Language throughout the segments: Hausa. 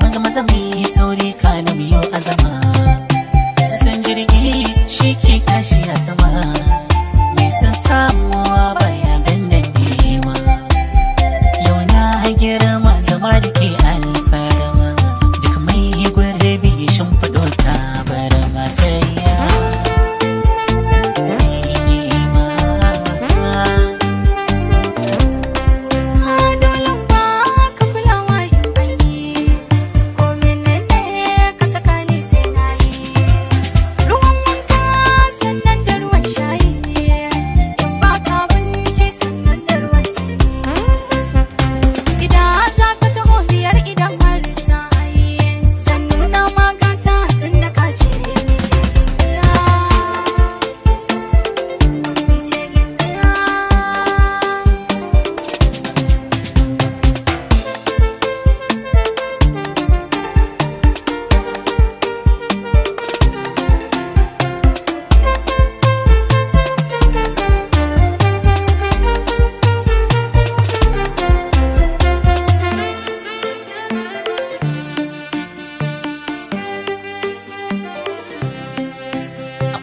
maza maza mi sauri ka na miyo azama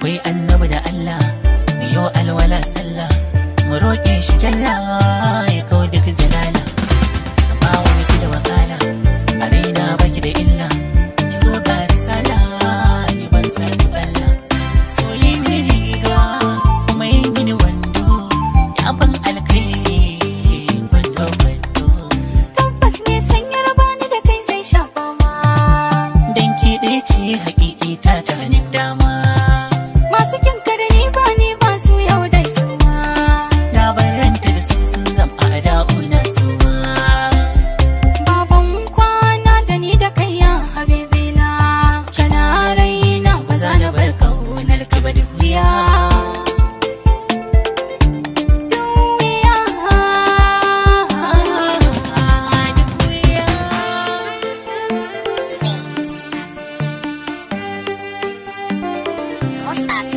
akwai annabi da Allah mu alwala sallah mu roƙe shi jalla ya kawo duk jalala stop.